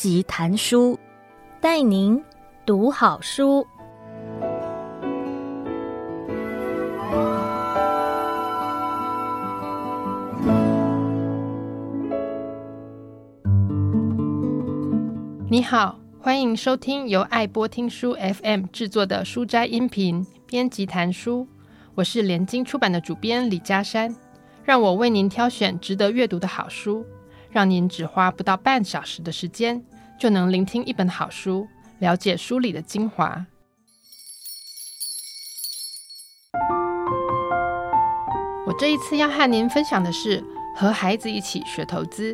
及談書，帶您讀好書。你好，歡迎收聽由愛播聽書 FM 製作的書齋音頻，編輯談書。我是聯經出版的主編李佳姍，讓我為您挑選值得閱讀的好書，讓您只花不到半小時的時間。就能聆聽一本好書，了解書裡的精華。我這一次要和您分享的是《和孩子一起學投資》。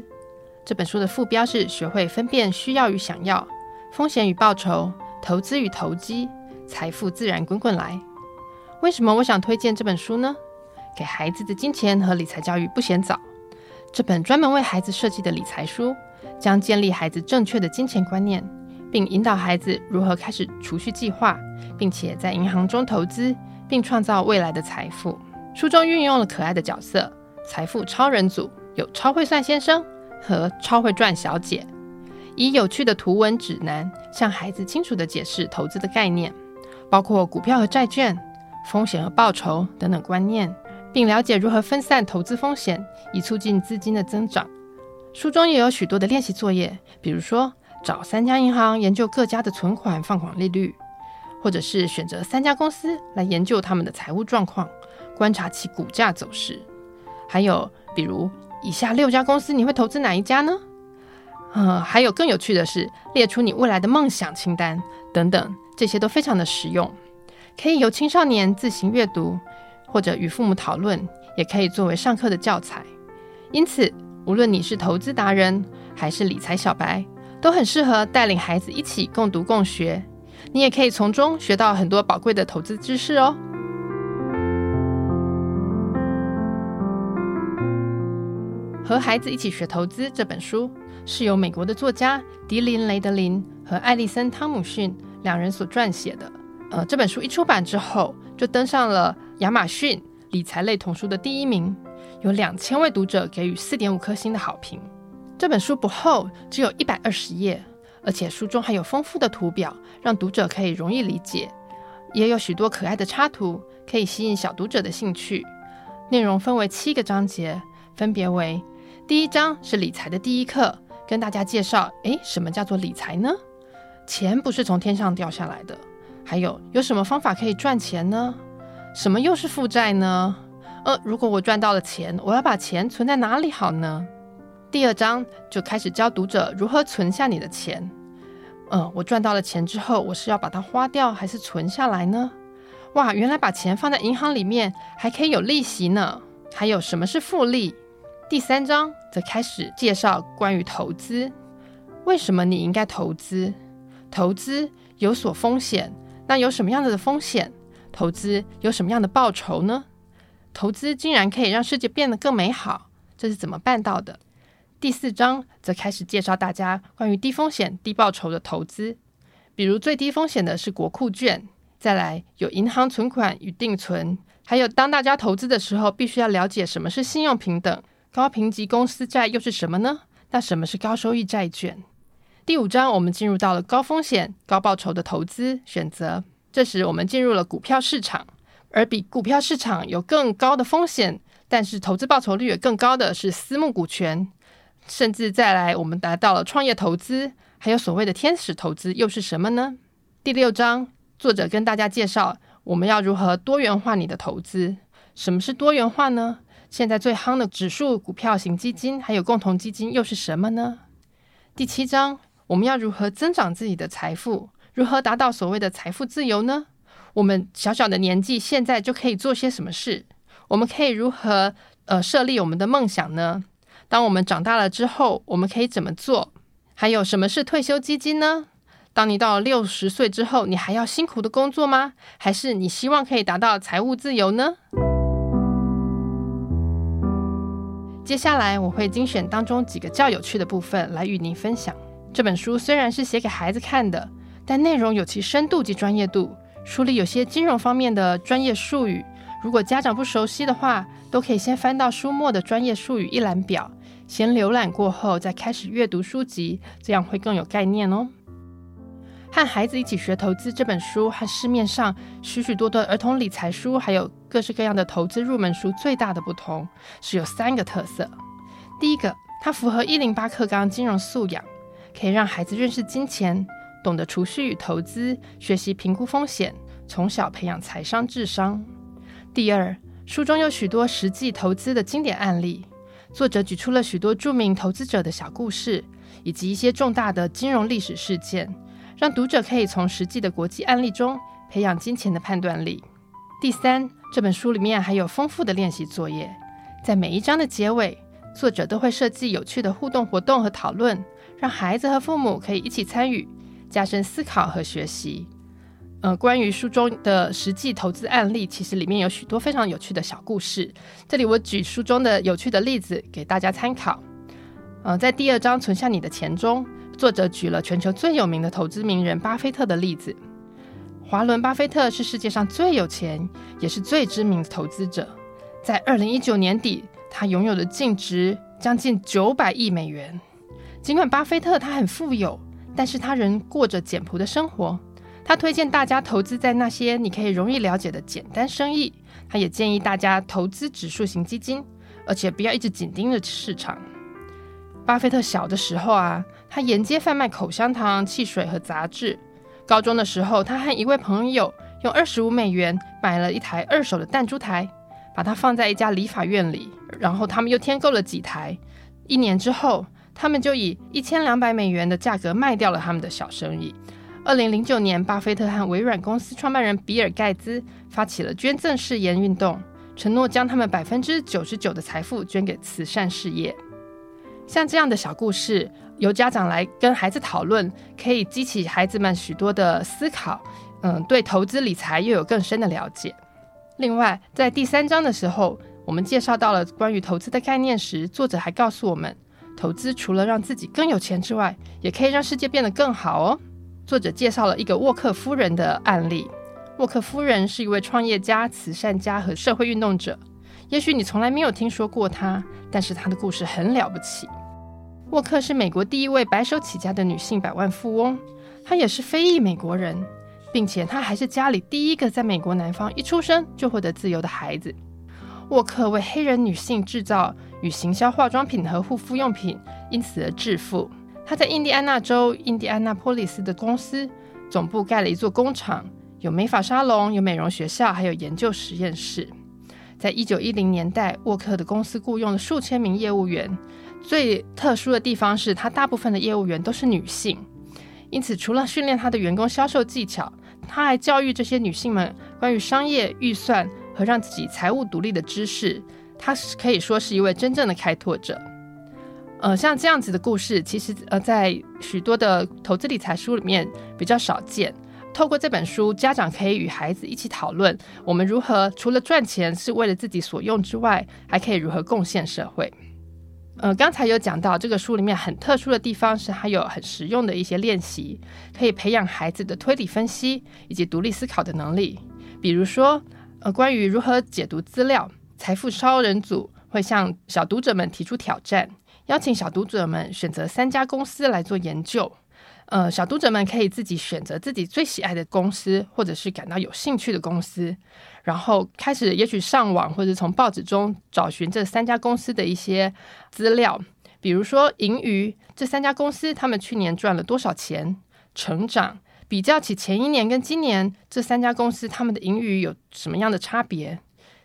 這本書的副標是“學會分辨需要與想要、風險與報酬、投資與投機、財富自然滾滾來”。為什麼我想推薦這本書呢？給孩子的金錢和理財教育不嫌早。這本專門為孩子設計的理財書，將建立孩子正確的金錢觀念，並引導孩子如何開始儲蓄計劃，並且在銀行中投資，並創造未來的財富。書中運用了可愛的角色“財富超人組”，有超會算先生和超會賺小姐，以有趣的圖文指南，向孩子清楚地解釋投資的概念，包括股票和債券、風險和報酬等等觀念。並了解如何分散投資風險，以促進資金的增長。書中也有許多的練習作業，比如說找三家銀行研究各家的存款放款利率，或者是選擇三家公司來研究他們的財務狀況，觀察其股價走勢。還有比如以下六家公司，你會投資哪一家呢？呃，還有更有趣的是列出你未來的夢想清單等等，這些都非常的實用，可以由青少年自行閱讀。或者與父母討論，也可以作為上課的教材。因此，無論你是投資達人還是理財小白，都很適合帶領孩子一起共讀共學。你也可以從中學到很多寶貴的投資知識哦。《和孩子一起學投資》這本書是由美國的作家狄林·雷德林和艾麗森·湯姆遜兩人所撰寫的。呃，這本書一出版之後，就登上了亞馬遜理財類童書的第一名，有兩千位讀者給予四點五顆星的好評。這本書不厚，只有一百二十頁，而且書中還有豐富的圖表，讓讀者可以容易理解。也有許多可愛的插圖，可以吸引小讀者的興趣。內容分為七個章節，分別為：第一章是理財的第一課，跟大家介紹，誒，什麼叫做理財呢？錢不是從天上掉下來的，還有有什麼方法可以賺錢呢？什麼又是負債呢？呃，如果我賺到了錢，我要把錢存在哪裡好呢？第二章就開始教讀者如何存下你的錢。嗯、呃，我賺到了錢之後，我是要把它花掉還是存下來呢？哇，原來把錢放在銀行裡面還可以有利息呢。還有什麼是複利？第三章則開始介紹關於投資，為什麼你應該投資？投資有所風險，那有什麼樣子的風險？投資有什麼樣的報酬呢？投資竟然可以讓世界變得更美好，這是怎麼辦到的？第四章則開始介紹大家關於低風險、低報酬的投資，比如最低風險的是國庫券，再來有銀行存款與定存，還有當大家投資的時候，必須要了解什麼是信用評等，高評級公司債又是什麼呢？那什麼是高收益債券？第五章我們進入到了高風險、高報酬的投資選擇。這時，我們進入了股票市場，而比股票市場有更高的風險，但是投資報酬率也更高的是私募股權。甚至再來，我們達到了創業投資，還有所謂的天使投資，又是什麼呢？第六章，作者跟大家介紹我們要如何多元化你的投資。什麼是多元化呢？現在最夯的指數股票型基金，還有共同基金又是什麼呢？第七章，我們要如何增長自己的財富。如何達到所謂的財富自由呢？我們小小的年紀現在就可以做些什麼事？我們可以如何呃設立我們的夢想呢？當我們長大了之後，我們可以怎麼做？還有什麼是退休基金呢？當你到六十歲之後，你還要辛苦的工作嗎？還是你希望可以達到財務自由呢？接下來我會精選當中幾個較有趣的部分來與您分享。這本書雖然是寫給孩子看的，但內容有其深度及專業度，書裡有些金融方面的專業術語，如果家長不熟悉的話，都可以先翻到書末的專業術語一覽表，先瀏覽過後再開始閱讀書籍，這樣會更有概念哦。和孩子一起學投資這本書和市面上許許多多兒童理財書，還有各式各樣的投資入門書最大的不同是有三個特色：第一個，它符合一零八課綱金融素養，可以讓孩子認識金錢。懂得儲蓄與投資，學習評估風險，從小培養財商智商。第二，書中有許多實際投資的經典案例，作者舉出了許多著名投資者的小故事，以及一些重大的金融歷史事件，讓讀者可以從實際的國際案例中培養金錢的判斷力。第三，這本書裡面還有豐富的練習作業，在每一章的結尾，作者都會設計有趣的互動活動和討論，讓孩子和父母可以一起參與。加深思考和學習，呃，關於書中的實際投資案例，其實裡面有許多非常有趣的小故事。這裡我舉書中的有趣的例子給大家參考。呃，在第二章“存下你的錢”中，作者舉了全球最有名的投資名人巴菲特的例子。華倫巴菲特是世界上最有錢，也是最知名的投資者。在二零一九年底，他擁有的淨值將近九百億美元。盡管巴菲特他很富有。但是他仍過着簡樸的生活。他推薦大家投資在那些你可以容易了解的簡單生意。他也建議大家投資指數型基金，而且不要一直緊盯着市場。巴菲特小的時候啊，他沿街販賣口香糖、汽水和雜誌。高中的時候，他和一位朋友用二十五美元買了一台二手的彈珠台，把它放在一家理髮院裡，然後他們又添購了幾台。一年之後，他們就以一千兩百美元的價格賣掉了他們的小生意。二零零九年，巴菲特和微軟公司創辦人比爾·蓋茨發起了捐贈誓言運動，承諾將他們百分之九十九的財富捐給慈善事業。像這樣的小故事，由家長來跟孩子討論，可以激起孩子們許多的思考，嗯，對投資理財又有更深的了解。另外，在第三章的時候，我們介紹到了關於投資的概念時，作者還告訴我們。投資除了讓自己更有錢之外，也可以讓世界變得更好哦。作者介紹了一個沃克夫人的案例。沃克夫人是一位創業家、慈善家和社會運動者。也許你從來沒有聽說過她，但是她的故事很了不起。沃克是美國第一位白手起家的女性百萬富翁。她也是非裔美國人，並且她還是家裡第一個在美國南方一出生就獲得自由的孩子。沃克為黑人女性制造。與行銷化妝品和護膚用品，因此而致富。他在印第安納州印第安納波利斯的公司總部蓋了一座工廠，有美髮沙龍，有美容學校，還有研究實驗室。在一九一零年代，沃克的公司雇傭了數千名業務員。最特殊的地方是他大部分的業務員都是女性，因此除了訓練他的員工銷售技巧，他還教育這些女性們關於商業預算和讓自己財務獨立的知識。他可以說是一位真正的開拓者，呃，像這樣子的故事，其實呃，在許多的投資理財書裡面比較少見。透過這本書，家長可以與孩子一起討論，我們如何除了賺錢是為了自己所用之外，還可以如何貢獻社會。呃，剛才有講到，這個書裡面很特殊的地方是，還有很實用的一些練習，可以培養孩子的推理分析以及獨立思考的能力。比如說，呃，關於如何解讀資料。財富超人組會向小讀者們提出挑戰，邀請小讀者們選擇三家公司來做研究。呃，小讀者們可以自己選擇自己最喜愛的公司，或者是感到有興趣的公司，然後開始也許上網或者從報紙中找尋這三家公司的一些資料，比如說盈餘。這三家公司他們去年賺了多少錢？成長比較起前一年跟今年，這三家公司他們的盈餘有什麼樣的差別？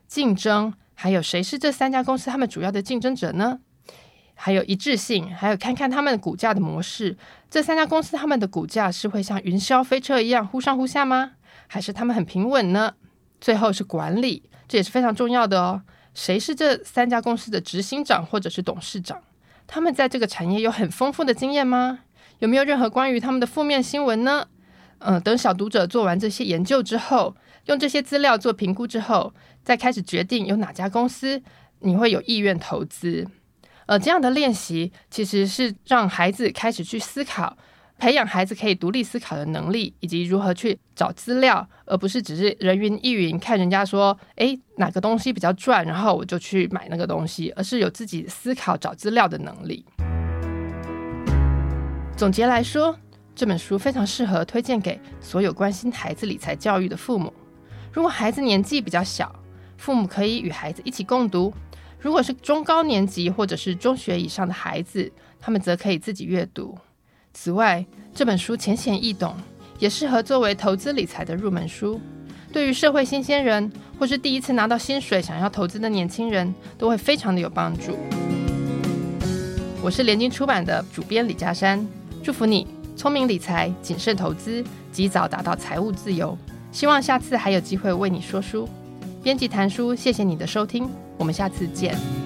競爭，還有誰是這三家公司他們主要的競爭者呢？還有一致性，還有看看他們的股價的模式，這三家公司他們的股價是會像雲霄飛車一樣忽上忽下嗎？還是他們很平穩呢？最後是管理，這也是非常重要的哦。誰是這三家公司的執行長或者是董事長？他們在這個產業有很豐富的經驗嗎？有沒有任何關於他們的負面新聞呢？嗯，等小讀者做完這些研究之後。用這些資料做評估之後，再開始決定有哪家公司你會有意願投資。而、呃、這樣的練習其實是讓孩子開始去思考，培養孩子可以獨立思考的能力，以及如何去找資料，而不是只是人云亦云，看人家說，誒，哪個東西比較賺，然後我就去買那個東西，而是有自己思考找資料的能力。總結來說，這本書非常適合推薦給所有關心孩子理財教育的父母。如果孩子年紀比較小，父母可以與孩子一起共讀；如果是中高年級或者是中學以上的孩子，他們則可以自己閱讀。此外，這本書淺顯易懂，也適合作為投資理財的入門書。對於社會新鮮人或是第一次拿到薪水想要投資的年輕人都會非常的有幫助。我是聯經出版的主編李佳姍，祝福你聰明理財，謹慎投資，及早達到財務自由。希望下次還有機會為你說書。編輯談書，謝謝你的收聽，我們下次見。